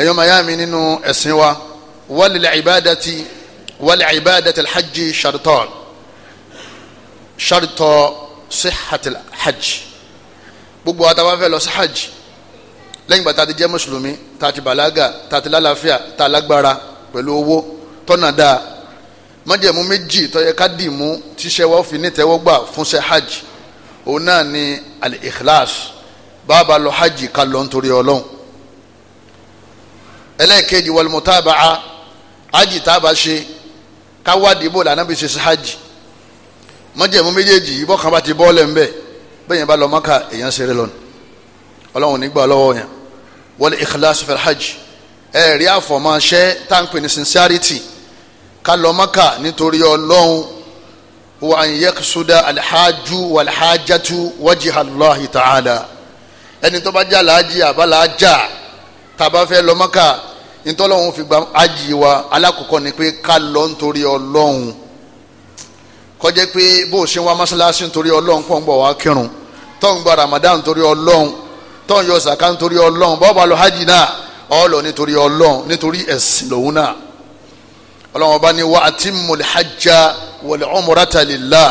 ẹ̀yọ́ mayami nínú ẹ̀sìn wa wàlẹ̀ ìbádàtì wàlẹ̀ ìbádàtì alhajj ṣàrìtọ́ ṣàrìtọ́ sihati hajj gbogbo àtàwọn afẹ́ lọ sí hajj lẹ́yìn ìgbà tá a ti jẹ́ mùsùlùmí tá a ti bàlágà tá a ti lálàáfíà tá a lágbára pẹ̀lú owó tọ́nà dáa májẹ̀mú méjì tó yẹ ká dì mú tíṣẹ́ wa fi nítẹ̀wọ́gbà fúnṣẹ́ hajj òun náà ni al bá a bá lọ hajj ká lọ nítorí ọlọ́run ẹlẹ́ẹ̀kejì wal-mutaba'a ájì tá a bá ṣe káwádìí bò lànà bí ṣe ṣe hajj mọ́jẹ̀mú méjèèjì yìí bọ́kàn bá ti bọ́ọ̀lẹ̀ ń bẹ̀ bẹ́ẹ̀ yẹn bá lọ mọ́kà èèyàn ṣeré lọ́nu ọlọ́run nígbà lọ́wọ́ yẹn wal-ikhlas fil hajj ẹ̀ àfọ̀mọ́ṣẹ́ táǹpì ní sincerity ká lọ mọ́kà nítorí ọlọ́run wa an yaqsuda al-hajju wal-hajjatu wajha Allahi ta'ala ẹni tó bá jà láàjì àbá làájà tàbá fẹ́ lọ Mẹ́kà ntọ́lọ́hún fi gba ájì wa alákọ̀ọ́kọ́ ni pé ká lọ nítorí ọlọ́hun kọjá pé bó o ṣe wá mọ́ṣáláṣí nítorí ọlọ́hun pọ̀ ń bọ̀ wá kírun tó ń gba Ramadan nítorí ọlọ́hun tó ń yọ sàká nítorí ọlọ́hun bọ́ọ̀ bá lọ hajj náà ó nítorí ọlọ́hun nítorí ẹ̀sìn lòun náà ọlọ́hun bá ní wa atimmul hajja wal umrata lillah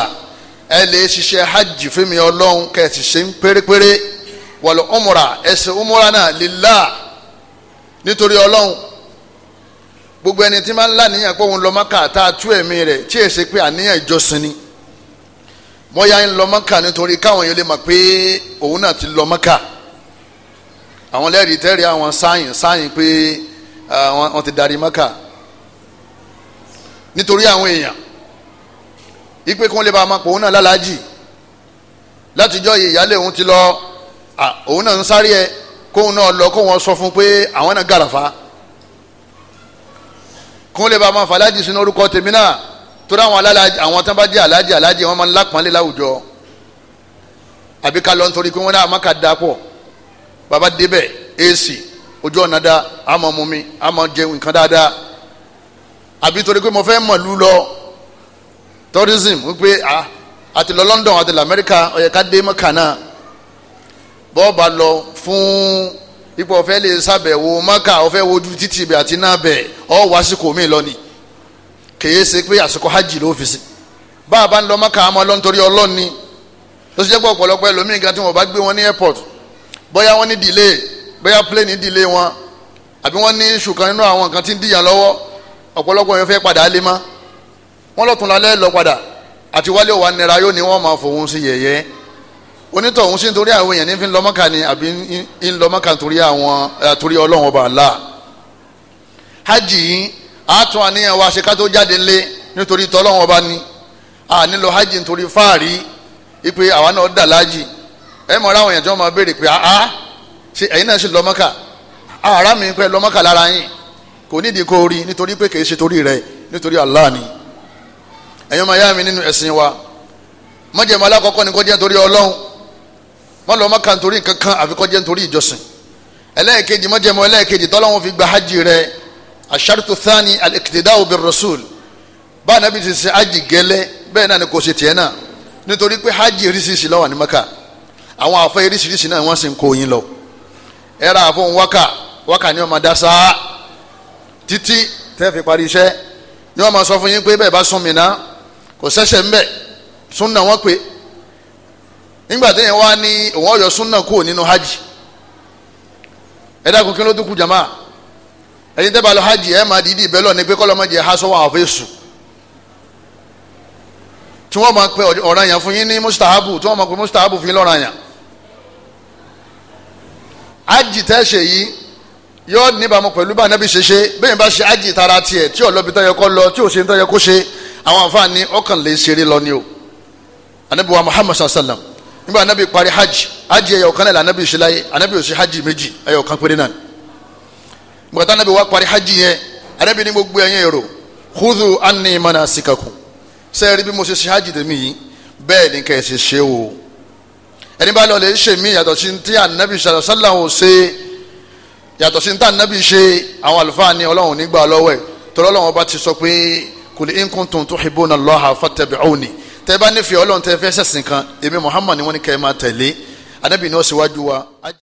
ẹ lè ṣiṣẹ́ hajj fún mi ọlọ́hun kẹ́ ẹ̀ ṣiṣẹ́ ń pérépéré wal umra ẹ̀sìn umra náà lillah nítorí ọlọ́run gbogbo ẹni tí máa ń láníyàn pé òun lọ Mọ́kà tá a tú ẹ̀mí rẹ̀ tí èsì pé àníyàn ìjọsìn ni mọ́yá ń lọ Mọ́kà nítorí káwọn yẹn lè mọ̀ pé òun náà ti lọ Mọ́kà àwọn lẹ́rìí tẹ́rì àwọn sáyìn sáyìn pé wọ́n ti darí Mọ́kà nítorí àwọn èèyàn ipe kí lè ba ọmọ pò òun náà lálàájì látijọ́ ìyálé òun ti lọ òun náà ń sáré ẹ̀ kóun náà lọ kóun wọn sọ fún pé àwọn náà gàràfà kóun lè ba máa fàlájì sínú orúkọ tèmi náà torí àwọn alájì àwọn tó bá jẹ alájì alájì wọn máa ń lápọnlé láwùjọ àbí ká lọ nítorí pé wọn náà má ká da pọ bàbá débẹ̀ èsì ojú ọ̀nà da àmọ́ mú mi àmọ́ jẹ nǹkan dáadáa àbí torí pé mo fẹ́ mọ̀lú lọ tourism wípé àti ah, lọ London àti lamẹ́ríkà ó yẹ dé mọ́kànnà bọ́ọ̀bà lọ fún ipò ọ̀fẹ́ lè maka ọ̀fẹ́ wojú títì ibẹ̀ àti náà bẹ̀ ọ̀ wá síkò mí lọ ni kèye se pé àsìkò hajj ló fi a ń lọ maka àmọ́ lọ nítorí ọlọ́run ni tó ṣe jẹ́ pé ọ̀pọ̀lọpọ̀ ẹlòmíì kan tí wọ́n bá gbé wọn ní airport bóyá wọ́n ní delay bóyá plane delay wọn àbí wọ́n ní iṣu nínú àwọn nǹkan tí ń lọ́wọ́ ọ̀pọ̀lọpọ̀ yẹn fẹ́ padà lé wọ́n lọ́tún lálẹ́ lọ padà àti wálé òwà nira yóò onítọ̀hún sí nítorí àwọn èèyàn ní fi ń lọ Mọ́kà ni àbí ń lọ Mọ́kà eh, torí àwọn àtúrí ọlọ́run ọba Allah hajj yìí àtún àníyàn wa ṣe ká tó jáde lé nítorí tọ́lọ́run ọba ni a nílò hajj nítorí fáàrí ipe àwa náà dà láàjì ẹ mọ̀ ra àwọn èèyàn tí wọ́n máa béèrè pé àá ṣe ẹ̀yin náà sì lọ Mọ́kà ara mi pẹ́ lọ Mọ́kà lára yín kò nídìí kó rí nítorí pé kì í ṣe torí rẹ nítorí Allah ni ẹ̀yin ọmọ má lọ Mákà nítorí nǹkan kan àfi kó jẹ́ nítorí ìjọsìn ẹlẹ́ẹ̀kejì májẹ̀mú ẹlẹ́ẹ̀kejì tọ́lọ́wọ́n fi gba hajj rẹ̀ ash-shartu thani al-iqtida'u bir-rasul báà nàbí ti ṣe hajj gẹ́lẹ́ bẹ́ẹ̀ náà ni kò ṣe tiẹ̀ náà nítorí pé hajj ríṣiríṣi ló wà ní Mákà àwọn àfẹ́ ríṣiríṣi náà wọ́n sì ń kó yín lọ ẹ̀rọ àfọ̀n wákà wákà ni wọ́n máa dá sáá tẹ́ fi parí iṣẹ́ ni wọ́n máa sọ fún yín pé bẹ́ẹ̀ bá sún mi ná kò sẹ́sẹ̀ ń bẹ̀ sún náà wọ́n pè é nígbà téèyàn wá ní òun ọ̀yọ́ súnà kúrò nínú hajj ẹ dákun kí ló dúkù jama ẹ̀yin tẹ́ bá lọ hajj ẹ̀ máa dìídì bẹ́ẹ̀ lọ ní pé kọ́lọ́mọ́jẹ ha sọ́wọ́ àwọn fèsù tí wọ́n máa pe ọ̀ranyàn fún yín ní mustahabu tí wọ́n máa pe mustahabu fún yín lọ́ranyàn hajj tẹ́ ṣe yìí yóò níbàámu pẹ̀lú bá anábì ṣe ṣe bẹ́ẹ̀ bá ṣe hajj tara tiẹ̀ tí ọ̀lọ́bi tó yẹ kó lọ tí ò ṣe tó kó ṣe àwọn àǹfààní ọkàn lè ṣeré lọ ni o anábì wa muhammad sallallahu alayhi wa sallam nígbà anabi parí hajj hajj ẹyọ kan náà la anabi ṣe láyé anabi ò ṣe hajj méjì ẹyọ kan péré náà nígbà tá anabi wá parí hajj yẹn anabi ní gbogbo ẹ̀yin èrò khudhu anni manasikakum sẹ́ẹ̀rí bí mo ṣe ṣe hajj tèmi yìí bẹ́ẹ̀ ni kẹ́ ẹ o ẹni bá lọ lè ṣe mí yàtọ̀ sí ti anabi sàlọ̀ sàlọ̀ ò ṣe yàtọ̀ sí ti anabi ṣe àwọn àlùfáà ni ọlọ́run nígbà lọ́wọ́ ẹ̀ tọ́lọ́run ti sọ pé kul in kuntum tuhibbuna Allaha fattabi'uni tẹ́ bá nífẹ̀ẹ́ ọlọ́run tẹ́ fẹ́ ṣẹ̀sìn kan èmi Muhammad ni wọ́n ní kẹ́ ẹ máa tẹ̀lé anábì ni ó wa.